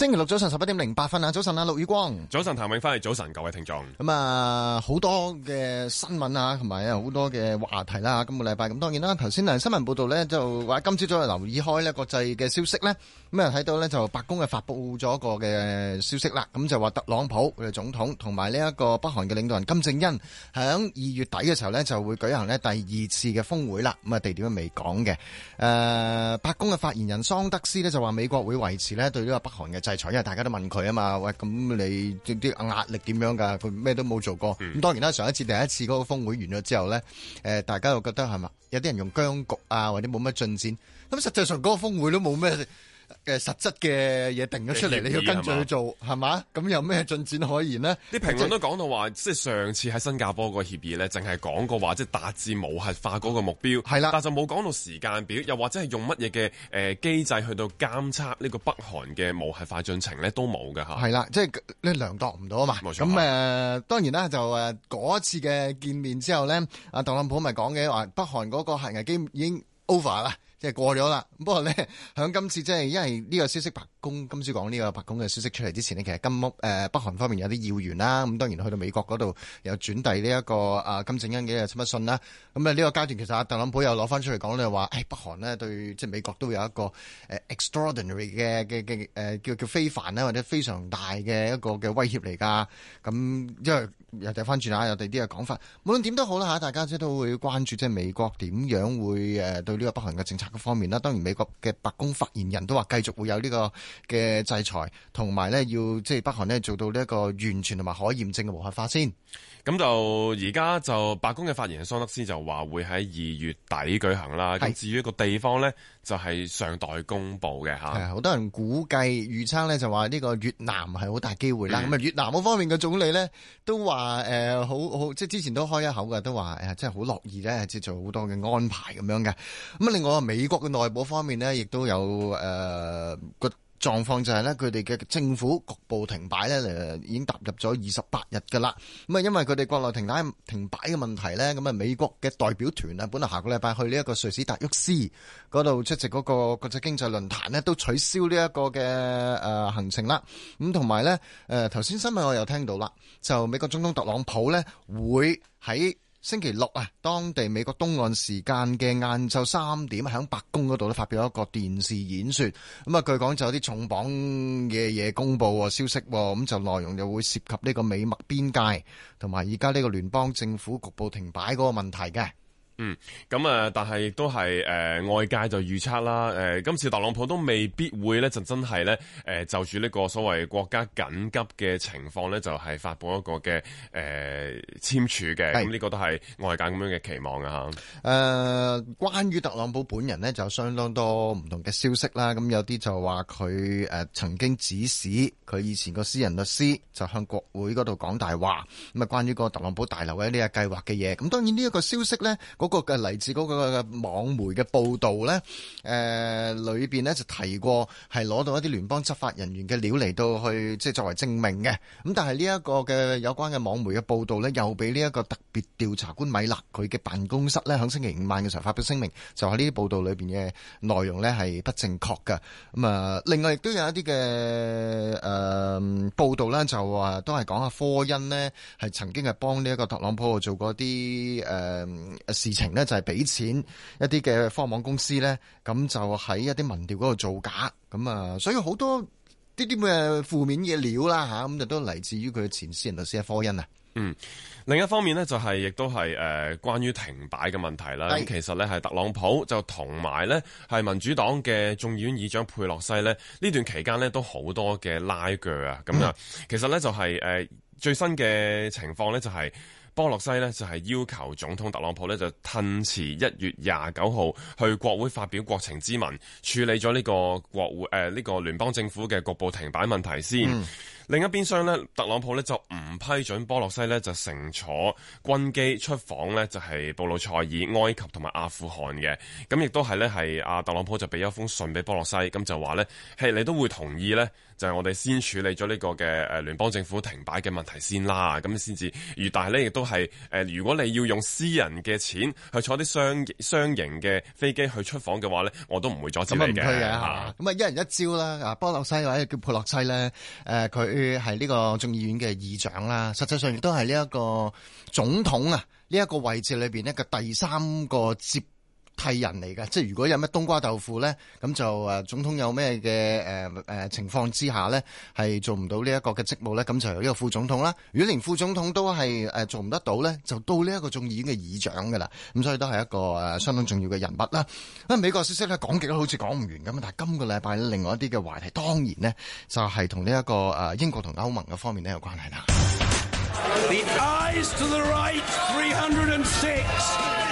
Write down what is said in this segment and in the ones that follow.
星期六早上十一點零八分啊！早晨啊，陸宇光，早晨譚永輝，早晨，各位聽眾。咁啊，好多嘅新聞啊，同埋好多嘅話題啦。今個禮拜咁，當然啦，頭先新聞報道呢，就話今朝早留意開呢國際嘅消息呢。咁啊睇到呢，就白宮嘅發佈咗個個嘅消息啦。咁就話特朗普總總統同埋呢一個北韓嘅領導人金正恩，響二月底嘅時候呢，就會舉行呢第二次嘅峰會啦。咁啊地點未講嘅。誒，白宮嘅發言人桑德斯呢，就話美國會維持呢對呢個北韓嘅因為大家都問佢啊嘛，喂，咁你啲壓力點樣㗎？佢咩都冇做過，咁、嗯、當然啦。上一次第一次嗰個峰會完咗之後咧、呃，大家又覺得係嘛？有啲人用僵局啊，或者冇乜進展。咁實際上嗰個峰會都冇咩嘅實質嘅嘢定咗出嚟，議你要跟住去做，係嘛吧？咁有咩進展可言呢？啲、嗯、評論都講到話，就是、即係上次喺新加坡個協議咧，淨係講過話，即係達至無核化嗰個目標，係啦的，但就冇講到時間表，又或者係用乜嘢嘅誒機制去到監測呢個北韓嘅無核化進程咧，都冇㗎。係啦，即係你量度唔到啊嘛。冇錯。咁誒、呃，當然啦，就誒嗰一次嘅見面之後咧，阿特朗普咪講嘅話，北韓嗰個核危機已經 over 啦。即係過咗啦，不過咧，響今次即係因為呢個消息白公今今朝講呢個白宮嘅消息出嚟之前咧，其實金屋誒、呃、北韓方面有啲謠言啦、啊，咁當然去到美國嗰度又轉遞呢一個啊金正恩嘅親筆信啦、啊。咁啊呢個階段其實啊特朗普又攞翻出嚟講，就話誒北韓咧對即係美國都有一個誒、呃、extraordinary 嘅嘅嘅誒叫叫非凡咧或者非常大嘅一個嘅威脅嚟㗎。咁、嗯、因為又掉翻轉下，有第啲嘅講法，無論點都好啦嚇，大家即都會關注即係美國點樣會誒對呢個北韓嘅政策方面啦。當然美國嘅白宮發言人都話繼續會有呢、這個。嘅制裁，同埋咧要即係北韓呢做到呢一個完全同埋可驗證嘅無核化先。咁就而家就白宮嘅發言人，桑德斯就話會喺二月底舉行啦。咁是至於個地方呢，就係尚待公佈嘅吓。係好多人估計預測呢，就話呢個越南係好大機會啦。咁啊、嗯，越南嗰方面嘅總理呢，都話誒、呃、好好，即係之前都開一口嘅，都話誒真係好樂意咧，接、就是、做好多嘅安排咁樣嘅。咁啊，另外美國嘅內部方面呢，亦都有誒、呃、個。狀況就係呢，佢哋嘅政府局部停擺呢誒，已經踏入咗二十八日㗎啦。咁啊，因為佢哋國內停擺停擺嘅問題呢，咁啊，美國嘅代表團啊，本來下個禮拜去呢一個瑞士達沃斯嗰度出席嗰個國際經濟論壇呢，都取消呢一個嘅誒行程啦。咁同埋呢，誒頭先新聞我又聽到啦，就美國總統特朗普呢會喺。星期六啊，當地美國東岸時間嘅晏晝三點，喺白宮嗰度咧發表咗一個電視演說。咁啊，據講就有啲重磅嘅嘢公佈消息，咁就內容又會涉及呢個美墨邊界同埋而家呢個聯邦政府局部停擺嗰個問題嘅。嗯，咁啊，但係亦都係誒，外界就預測啦，誒、呃，今次特朗普都未必會咧就真係咧誒，就住呢個所謂國家緊急嘅情況咧，就係、是、發布一個嘅誒簽署嘅，咁呢是、嗯這個都係外界咁樣嘅期望啊，吓。誒、呃，關於特朗普本人咧，就有相當多唔同嘅消息啦。咁有啲就話佢誒曾經指使佢以前個私人律師就向國會嗰度講大話，咁啊，關於個特朗普大樓嘅呢個計劃嘅嘢。咁當然呢一個消息咧，個嘅嚟自嗰個嘅網媒嘅報導咧，誒裏邊咧就提過係攞到一啲聯邦執法人員嘅料嚟到去，即係作為證明嘅。咁但係呢一個嘅有關嘅網媒嘅報導咧，又俾呢一個特別調查官米勒佢嘅辦公室咧，喺星期五晚嘅時候發表聲明，就話呢啲報導裏邊嘅內容咧係不正確嘅。咁、嗯、啊，另外亦都有一啲嘅誒報導啦，就話都係講下科恩呢，係曾經係幫呢一個特朗普做過啲誒、呃、事情。情咧就係俾錢一啲嘅科網公司咧，咁就喺一啲民調嗰度造假，咁啊，所以好多啲啲嘅負面嘢料啦吓，咁、啊、就都嚟自於佢嘅前私人律師阿科恩啊。嗯，另一方面呢，就係、是、亦都係誒、呃、關於停擺嘅問題啦。咁是其實咧係特朗普就同埋咧係民主黨嘅眾議院議長佩洛西咧呢這段期間呢，都好多嘅拉鋸啊。咁啊、嗯，其實咧就係、是、誒、呃、最新嘅情況咧就係、是。波洛西呢就係、是、要求總統特朗普呢就褪遲一月廿九號去國會發表國情咨文，處理咗呢個國會誒呢、呃這個聯邦政府嘅局部停擺問題先。嗯、另一邊廂呢，特朗普呢就唔批准波洛西呢就乘坐軍機出訪呢就係、是、布魯塞爾、埃及同埋阿富汗嘅。咁亦都係呢係、啊、特朗普就俾咗封信俾波洛西，咁就話呢係你都會同意呢？」就係我哋先處理咗呢個嘅誒聯邦政府停擺嘅問題先啦，咁先至。但係呢亦都係、呃、如果你要用私人嘅錢去坐啲雙雙型嘅飛機去出訪嘅話呢，我都唔會阻止你嘅。咁啊，啊一人一招啦，啊波洛西或者叫佩洛西呢，誒佢係呢個眾議院嘅議長啦，實際上亦都係呢一個總統啊呢一、這個位置裏面一個第三個接。係人嚟噶，即係如果有咩冬瓜豆腐咧，咁就誒總統有咩嘅、呃呃、情況之下咧，係做唔到呢一個嘅職務咧，咁就由呢個副總統啦。如果連副總統都係、呃、做唔得到咧，就到呢一個眾議院嘅議長噶啦。咁所以都係一個、呃、相當重要嘅人物啦。咁、啊、美國消息咧講極都好似講唔完咁，但今個禮拜另外一啲嘅話題，當然呢，就係同呢一個、呃、英國同歐盟嘅方面呢有關係啦。The eyes to the right,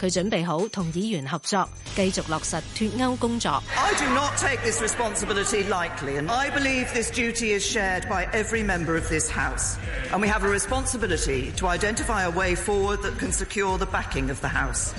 佢準備好同議員合作，繼續落實脱歐工作。I do not take this responsibility likely, and I believe this duty is shared by every member of this house. And we have a responsibility to identify a way forward that can secure the backing of the house.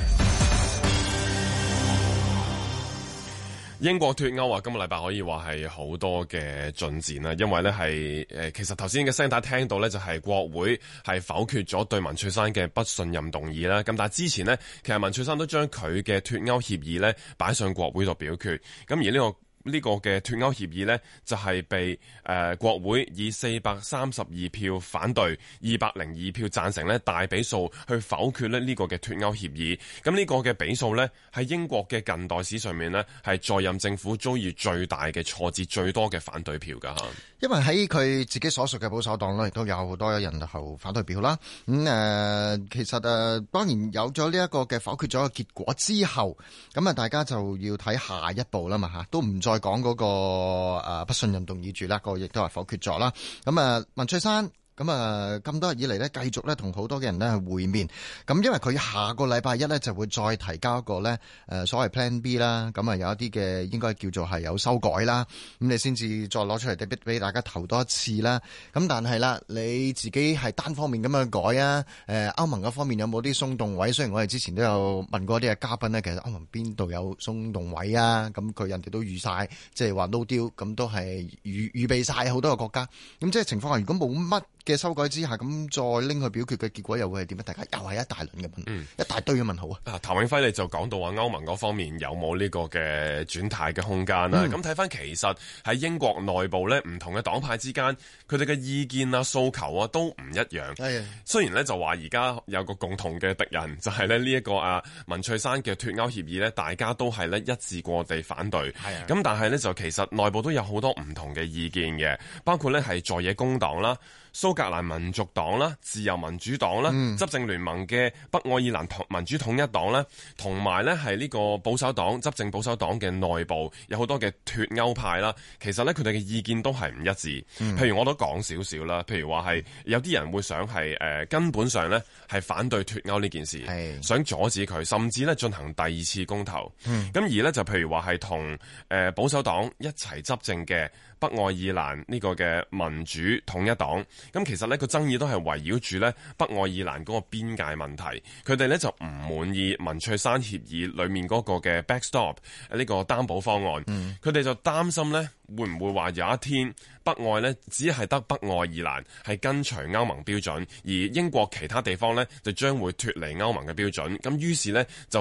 英國脱歐啊，今個禮拜可以話係好多嘅進展啦，因為咧係誒，其實頭先嘅聲帶聽到咧就係國會係否決咗對文翠珊嘅不信任動議啦。咁但係之前呢，其實文翠珊都將佢嘅脱歐協議咧擺上國會度表決。咁而呢個呢個嘅脱歐協議呢，就係、是、被誒、呃、國會以四百三十二票反對，二百零二票贊成呢大比數去否決咧呢、這個嘅脱歐協議。咁呢個嘅比數呢，喺英國嘅近代史上面呢係在任政府遭遇最大嘅挫折，最多嘅反對票噶嚇。因為喺佢自己所屬嘅保守黨咧，亦都有好多人係反對表啦。咁、嗯、誒、呃，其實誒，當然有咗呢一個嘅否決咗嘅結果之後，咁啊，大家就要睇下一步啦嘛吓，都唔再講嗰個誒不信任動議住啦，個亦都係否決咗啦。咁、呃、啊，文翠珊。咁啊，咁多日以嚟咧，繼續咧同好多嘅人咧去會面。咁因為佢下個禮拜一咧就會再提交一個咧，誒、呃、所謂 plan B 啦。咁啊有一啲嘅應該叫做係有修改啦。咁你先至再攞出嚟俾俾大家投多一次啦。咁但係啦，你自己係單方面咁樣改啊？誒、呃、歐盟嗰方面有冇啲鬆動位？雖然我哋之前都有問過一啲嘅嘉賓咧，其實歐盟邊度有鬆動位啊？咁佢人哋都預晒，即係話 no deal，咁都係預預備晒好多個國家。咁即係情況下，如果冇乜。嘅修改之下，咁再拎去表決嘅結果又會係點？啊？大家又係一大輪嘅問，一大堆嘅問、嗯、問號啊！啊，譚永輝，你就講到話歐盟嗰方面有冇呢個嘅轉態嘅空間啦？咁睇翻其實喺英國內部咧，唔同嘅黨派之間，佢哋嘅意見啊、訴求啊都唔一樣。的雖然咧就話而家有個共同嘅敵人，就係咧呢一個啊文翠山嘅脱歐協議咧，大家都係咧一致過地反對。係的，咁但係咧就其實內部都有好多唔同嘅意見嘅，包括咧係在野工黨啦。蘇格蘭民族黨啦、自由民主黨啦、嗯、執政聯盟嘅北愛爾蘭民主統一黨啦同埋咧係呢個保守黨執政保守黨嘅內部有好多嘅脫歐派啦，其實咧佢哋嘅意見都係唔一致。嗯、譬如我都講少少啦，譬如話係有啲人會想係誒根本上咧係反對脫歐呢件事，是想阻止佢，甚至咧進行第二次公投。咁、嗯、而呢，就譬如話係同誒保守黨一齊執政嘅北愛爾蘭呢個嘅民主統一黨。咁其實呢個爭議都係圍繞住呢北愛爾蘭嗰個邊界問題，佢哋呢就唔滿意文翠山協議裏面嗰個嘅 backstop 呢個擔保方案，佢哋、嗯、就擔心呢。會唔會話有一天北愛咧只係得北愛爾蘭係跟隨歐盟標準，而英國其他地方咧就將會脫離歐盟嘅標準？咁於是咧就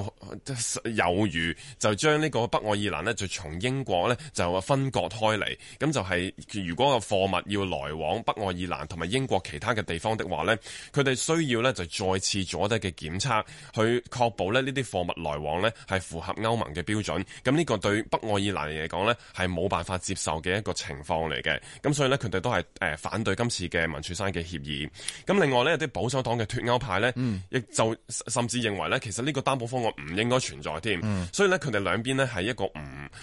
有余就將呢個北愛爾蘭咧就從英國咧就分割開嚟，咁就係、是、如果個貨物要來往北愛爾蘭同埋英國其他嘅地方的話咧，佢哋需要咧就再次做一啲嘅檢測，去確保咧呢啲貨物來往咧係符合歐盟嘅標準。咁呢個對北愛爾蘭嚟講咧係冇辦法接。受嘅一個情況嚟嘅，咁所以呢，佢哋都係誒、呃、反對今次嘅文翠珊嘅協議。咁另外咧，有啲保守黨嘅脫歐派呢，亦、嗯、就甚至認為呢，其實呢個擔保方案唔應該存在添。嗯、所以呢，佢哋兩邊呢係一個唔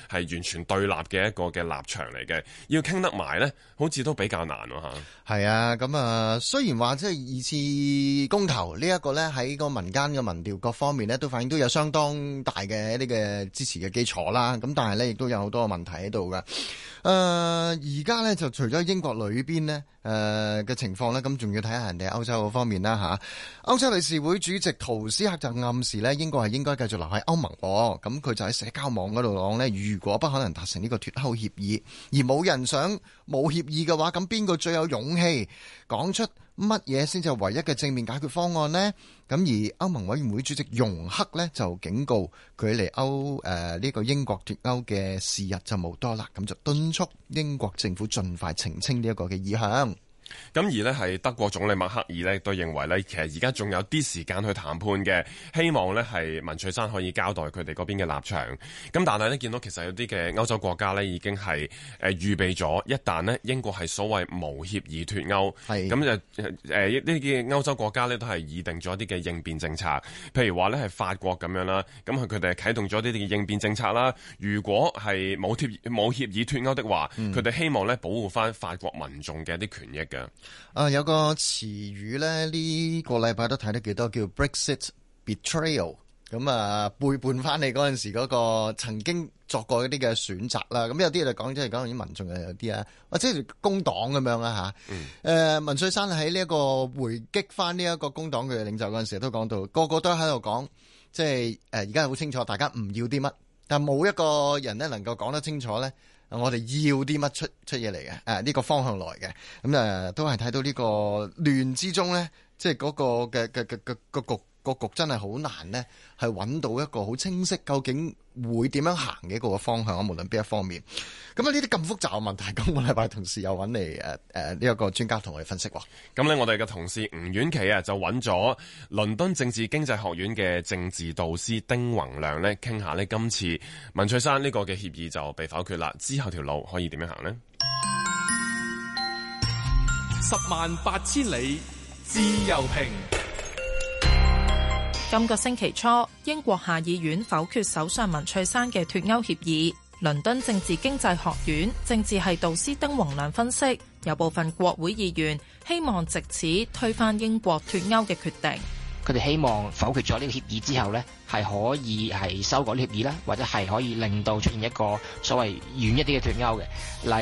係完全對立嘅一個嘅立場嚟嘅，要傾得埋呢好似都比較難咯嚇。係啊，咁啊、嗯，雖然話即係二次公投呢一個呢，喺個民間嘅民調各方面呢，都反映都有相當大嘅呢個支持嘅基礎啦。咁但係呢，亦都有好多問題喺度噶。誒，而家咧就除咗英國裏邊呢，誒嘅情況呢，咁、呃、仲要睇下人哋歐洲嗰方面啦吓。歐洲理事會主席圖斯克就暗示呢，英國係應該繼續留喺歐盟。咁佢就喺社交網嗰度講呢，如果不可能達成呢個脫歐協議，而冇人想冇協議嘅話，咁邊個最有勇氣講出？乜嘢先至唯一嘅正面解決方案呢？咁而歐盟委員會主席容克呢，就警告，距離歐誒呢、呃呢個英國脱歐嘅時日就冇多啦，咁就敦促英國政府盡快澄清呢一個嘅意向。咁而呢，係德國總理默克爾呢，都認為呢，其實而家仲有啲時間去談判嘅，希望呢，係文翠珊可以交代佢哋嗰邊嘅立場。咁但係呢，見到其實有啲嘅歐洲國家呢，已經係誒預備咗，一旦呢，英國係所謂無協議脱歐，咁是就誒呢啲嘅歐洲國家呢，都係擬定咗一啲嘅應變政策。譬如話呢，係法國咁樣啦，咁佢哋係啟動咗啲嘅應變政策啦。如果係冇協冇協議脱歐的話，佢哋希望呢，保護翻法國民眾嘅一啲權益嘅。啊，有個詞語咧，呢個禮拜都睇得幾多，叫 Brexit Betrayal，咁啊背叛翻你嗰陣時嗰個曾經作過一啲嘅選擇啦，咁有啲就講即係講啲民眾嘅有啲啊，或者工黨咁樣啦吓，誒，文翠珊喺呢一個回擊翻呢一個工黨嘅領袖嗰陣時都講到，個個都喺度講，即係誒而家好清楚，大家唔要啲乜，但冇一個人咧能夠講得清楚咧。我哋要啲乜出出嘢嚟嘅？誒、啊、呢、這個方向來嘅，咁、嗯、誒、呃、都係睇到呢、這個亂之中咧，即係嗰個嘅嘅嘅嘅嘅局。個局真係好難呢，係揾到一個好清晰究竟會點樣行嘅一個方向啊！無論邊一方面，咁啊呢啲咁複雜嘅問題，今個禮拜同事又揾嚟誒誒呢一個專家同我哋分析喎。咁呢，我哋嘅同事吳婉琪啊，就揾咗倫敦政治經濟學院嘅政治導師丁宏量呢，傾下呢今次文翠珊呢個嘅協議就被否決啦，之後條路可以點樣行呢？十萬八千里自由評。今個星期初，英國下議院否決首相文翠珊嘅脫歐協議。倫敦政治經濟學院政治系導師丁宏量分析，有部分國會議員希望藉此推翻英國脫歐嘅決定。佢哋希望否決咗呢個協議之後咧，係可以係修改呢個協議啦，或者係可以令到出現一個所謂遠一啲嘅脫歐嘅，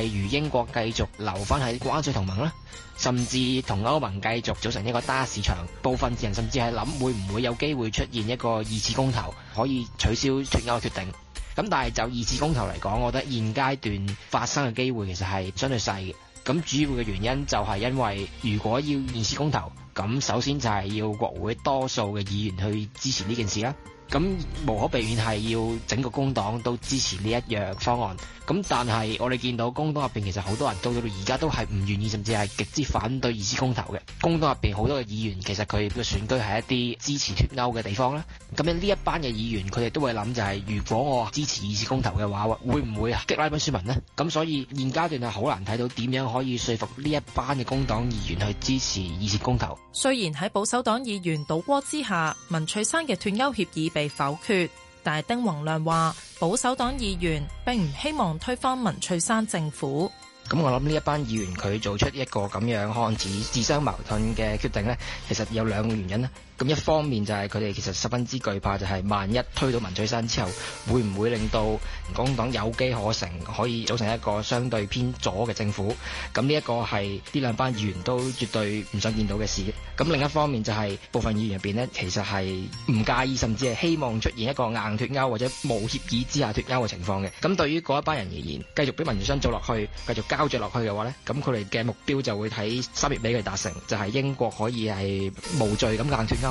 例如英國繼續留翻喺關稅同盟啦，甚至同歐盟繼續組成一個單一市場，部分人甚至係諗會唔會有機會出現一個二次公投可以取消脫歐嘅決定。咁但係就二次公投嚟講，我覺得現階段發生嘅機會其實係相對細嘅。咁主要嘅原因就係因為，如果要延遲公投，咁首先就係要國會多數嘅議員去支持呢件事啦。咁無可避免係要整個工黨都支持呢一樣方案。咁但係我哋見到工黨入面其實好多人到到而家都係唔願意，甚至係極之反對二次公投嘅。工黨入面好多嘅議員其實佢嘅選區係一啲支持脫歐嘅地方啦。咁呢一班嘅議員佢哋都會諗就係，如果我支持二次公投嘅話，會唔會激拉一班選民呢？咁所以現階段係好難睇到點樣可以說服呢一班嘅工黨議員去支持二次公投。雖然喺保守黨議員倒戈之下，文翠珊嘅脫歐協議被否決，但係丁宏量話保守黨議員並唔希望推翻文翠山政府。咁我諗呢一班議員佢做出一個咁樣看似自相矛盾嘅決定咧，其實有兩個原因啦。咁一方面就係佢哋其實十分之懼怕，就係萬一推到文翠珊之後，會唔會令到工黨有機可乘，可以組成一個相對偏左嘅政府？咁呢一個係呢兩班議員都絕對唔想見到嘅事。咁另一方面就係部分議員入邊咧，其實係唔介意，甚至係希望出現一個硬脫歐或者無協議之下脫歐嘅情況嘅。咁對於嗰一班人而言，繼續俾文翠珊做落去，繼續交着落去嘅話咧，咁佢哋嘅目標就會喺三月尾佢達成，就係英國可以係無罪咁硬脫歐。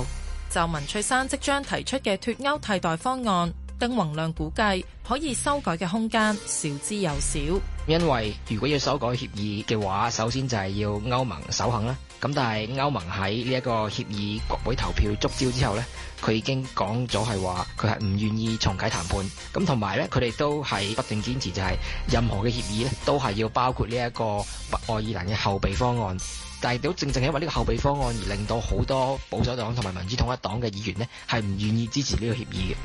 就文翠山即將提出嘅脫歐替代方案，丁宏量估計可以修改嘅空間少之又少，因為如果要修改協議嘅話，首先就係要歐盟首肯啦。咁但係歐盟喺呢一個協議國會投票觸礁之後咧，佢已經講咗係話佢係唔願意重啟談判。咁同埋咧，佢哋都係不斷堅持，就係任何嘅協議咧都係要包括呢一個北愛爾蘭嘅後備方案。但係都正正因為呢個後備方案而令到好多保守黨同埋民主統一黨嘅議員呢，係唔願意支持呢個協議嘅，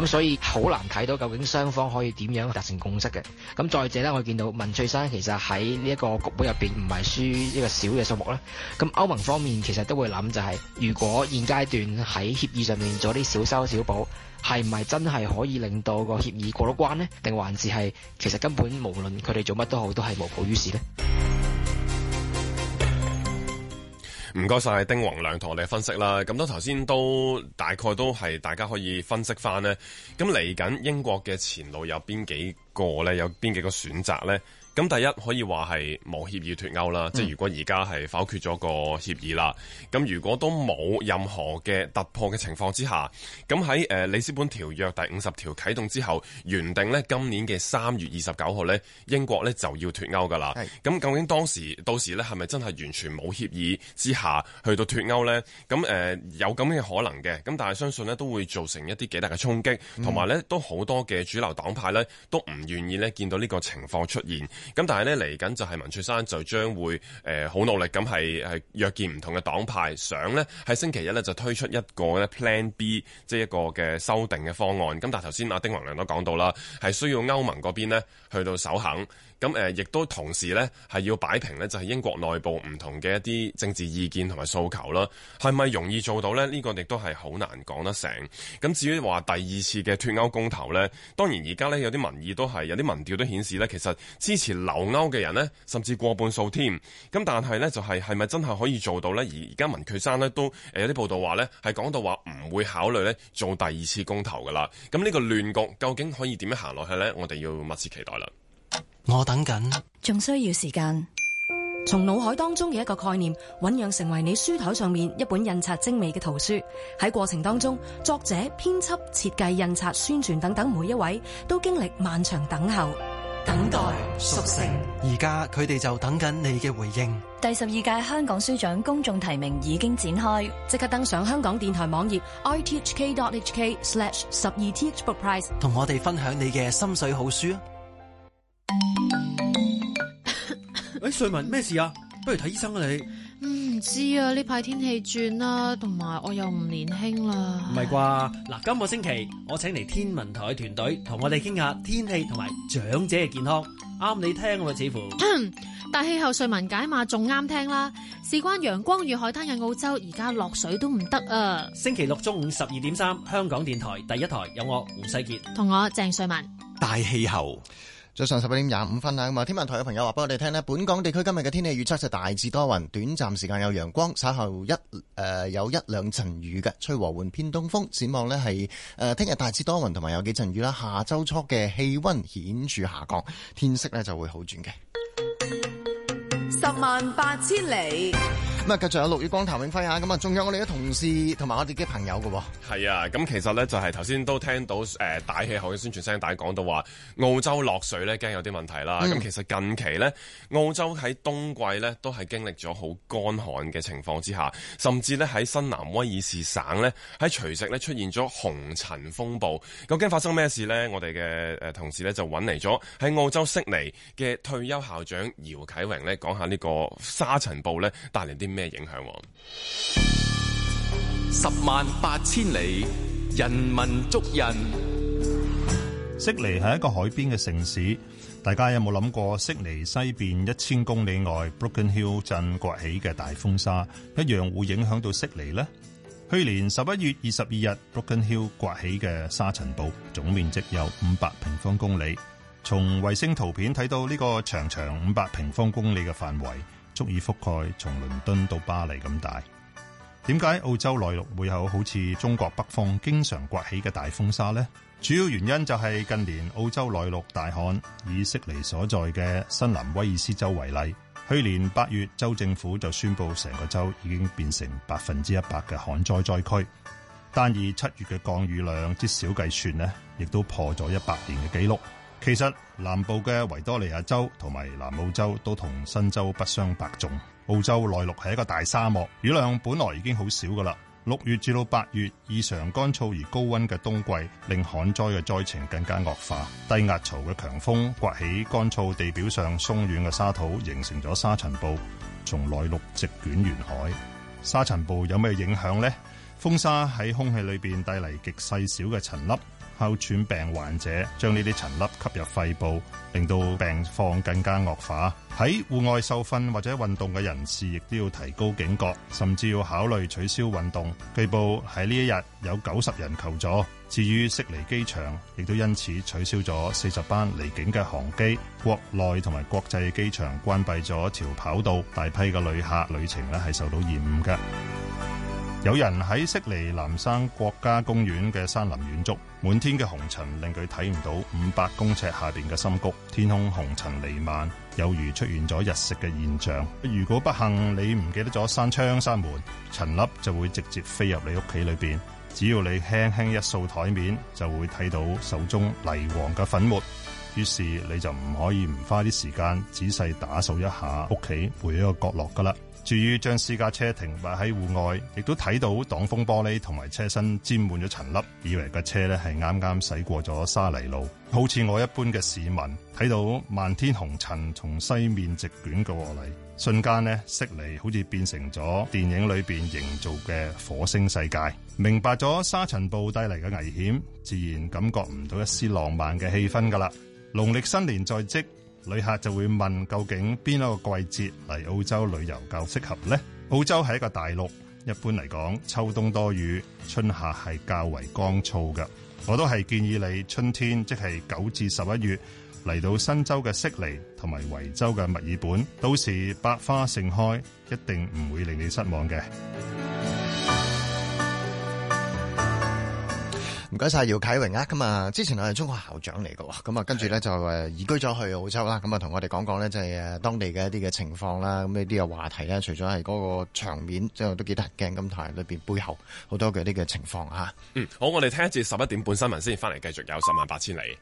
咁所以好難睇到究竟雙方可以點樣達成共識嘅。咁再者呢，我見到文翠珊其實喺呢一個局本入邊唔係輸一個小嘅數目啦。咁歐盟方面其實都會諗就係、是，如果現階段喺協議上面做啲小修小補，係唔係真係可以令到個協議過咗關呢？定還是係其實根本無論佢哋做乜都好，都係無補於事呢？唔該曬，丁宏量同我哋分析啦。咁多頭先都，都大概都係大家可以分析翻咧。咁嚟緊英國嘅前路有邊幾個咧？有邊幾個選擇咧？咁第一可以話係冇協議脱歐啦，嗯、即係如果而家係否決咗個協議啦，咁如果都冇任何嘅突破嘅情況之下，咁喺誒里斯本條約第五十條啟動之後，原定呢今年嘅三月二十九號呢英國呢就要脱歐㗎啦。咁是究竟當時到時呢係咪真係完全冇協議之下去到脱歐呢？咁誒、呃、有咁嘅可能嘅，咁但係相信呢都會造成一啲幾大嘅衝擊，同埋呢都好多嘅主流黨派呢都唔願意呢見到呢個情況出現。咁但係咧，嚟緊就係文翠珊就將會誒好努力咁係係約見唔同嘅黨派，想咧喺星期一咧就推出一個咧 Plan B，即係一個嘅修訂嘅方案。咁但係頭先阿丁宏量都講到啦，係需要歐盟嗰邊咧去到首肯。咁亦都同時呢，係要擺平呢，就係英國內部唔同嘅一啲政治意見同埋訴求啦。係咪容易做到呢？呢、呢個亦都係好難講得成。咁至於話第二次嘅脫歐公投呢，當然而家呢，有啲民意都係，有啲民調都顯示呢，其實支持留歐嘅人呢，甚至過半數添。咁但係呢、就係，就係係咪真係可以做到呢？而而家文翠珊呢，都有啲報道話呢，係講到話唔會考慮呢，做第二次公投噶啦。咁呢個亂局究竟可以點樣行落去呢？我哋要密切期待啦。我等緊，仲需要時間。從腦海當中嘅一個概念，醞釀成為你書台上面一本印刷精美嘅圖書。喺過程當中，作者、編輯、設計、印刷、宣傳等等，每一位都經歷漫長等候。等待熟成，而家佢哋就等緊你嘅回應。第十二屆香港書獎公眾提名已經展開，即刻登上香港電台網頁 r t h k dot h k slash 十二 t h book prize，同我哋分享你嘅心水好書。誒、哎，瑞文咩事啊？不如睇醫生啊你、嗯。唔知啊，呢排天氣轉啦，同埋我又唔年輕啦。唔係啩？嗱，今個星期我請嚟天文台團隊同我哋傾下天氣同埋長者嘅健康，啱你聽喎、啊，似乎、嗯。大氣候，瑞文解碼仲啱聽啦。事關陽光與海灘嘅澳洲，而家落水都唔得啊！星期六中午十二點三，香港電台第一台，第一台有我胡世杰同我鄭瑞文大氣候。早上十一點廿五分啊，咁啊，天文台嘅朋友話俾我哋聽呢，本港地區今日嘅天氣預測就大致多雲，短暫時間有陽光，稍後一誒、呃、有一兩陣雨嘅，吹和緩偏東風，展望呢係誒聽日大致多雲，同埋有幾陣雨啦。下周初嘅氣溫顯著下降，天色呢就會好轉嘅。十萬八千里。咁啊，繼續有陸宇光、譚永輝啊，咁啊，仲有我哋嘅同事同埋我哋嘅朋友嘅。係啊，咁其實咧就係頭先都聽到誒大氣候嘅宣傳聲，大家講到話澳洲落水咧，驚有啲問題啦。咁、嗯、其實近期呢，澳洲喺冬季咧都係經歷咗好乾旱嘅情況之下，甚至咧喺新南威爾士省呢，喺除夕咧出現咗紅塵風暴。究竟發生咩事呢？我哋嘅誒同事咧就揾嚟咗喺澳洲悉尼嘅退休校長姚啟榮呢，講下呢個沙塵暴咧帶嚟啲。咩影響？十萬八千里，人文足印。悉尼係一個海邊嘅城市，大家有冇諗過？悉尼西邊一千公里外，Broken Hill 鎮刮起嘅大風沙，一樣會影響到悉尼呢？去年十一月二十二日，Broken Hill 刮起嘅沙塵暴，總面積有五百平方公里。從衛星圖片睇到呢個長長五百平方公里嘅範圍。足以覆蓋從倫敦到巴黎咁大。點解澳洲內陸會有好似中國北方經常颳起嘅大風沙呢？主要原因就係近年澳洲內陸大旱。以悉尼所在嘅新南威爾斯州為例，去年八月州政府就宣佈成個州已經變成百分之一百嘅旱災災區。但以七月嘅降雨量之少計算呢，亦都破咗一百年嘅紀錄。其實南部嘅維多利亞州同埋南澳洲都同新州不相伯仲。澳洲內陸係一個大沙漠，雨量本來已經好少噶啦。六月至到八月異常乾燥而高溫嘅冬季，令旱災嘅災情更加惡化。低壓槽嘅強風刮起乾燥地表上鬆軟嘅沙土，形成咗沙塵暴，從內陸直捲沿海。沙塵暴有咩影響呢？風沙喺空氣裏邊帶嚟極細小嘅塵粒。哮喘病患者將呢啲塵粒吸入肺部，令到病況更加惡化。喺戶外受訓或者運動嘅人士亦都要提高警覺，甚至要考慮取消運動。據報喺呢一日有九十人求助。至於悉尼機場，亦都因此取消咗四十班離境嘅航機，國內同埋國際機場關閉咗條跑道，大批嘅旅客旅程咧係受到延誤。有人喺悉尼南山國家公園嘅山林遠足，滿天嘅紅塵令佢睇唔到五百公尺下邊嘅深谷。天空紅塵彌漫，有如出現咗日食嘅現象。如果不幸你唔記得咗閂窗閂門，塵粒就會直接飛入你屋企裏邊。只要你輕輕一掃台面，就會睇到手中泥黃嘅粉末。於是你就唔可以唔花啲時間仔細打掃一下屋企每一個角落噶啦。至於將私家車停埋喺戶外，亦都睇到擋風玻璃同埋車身沾滿咗塵粒，以為架車呢係啱啱駛過咗沙泥路，好似我一般嘅市民睇到漫天紅塵從西面席捲過嚟，瞬間呢，悉尼好似變成咗電影裏面營造嘅火星世界，明白咗沙塵暴帶嚟嘅危險，自然感覺唔到一絲浪漫嘅氣氛㗎喇。農曆新年在即。旅客就會問究竟邊一個季節嚟澳洲旅遊較適合呢？澳洲係一個大陸，一般嚟講，秋冬多雨，春夏係較為乾燥嘅。我都係建議你春天，即係九至十一月，嚟到新州嘅悉尼同埋維州嘅墨爾本，到時百花盛開，一定唔會令你失望嘅。唔該曬姚啟榮啊，咁啊之前我係中學校長嚟喎。咁啊跟住咧就移居咗去澳洲啦，咁啊同我哋講講咧就係當地嘅一啲嘅情況啦，咁呢啲嘅話題咧，除咗係嗰個場面，即係都幾得人驚，咁但係裏面背後好多嘅一啲嘅情況啊。嗯，好，我哋聽一節十一點半新聞先，翻嚟繼續有十萬八千里。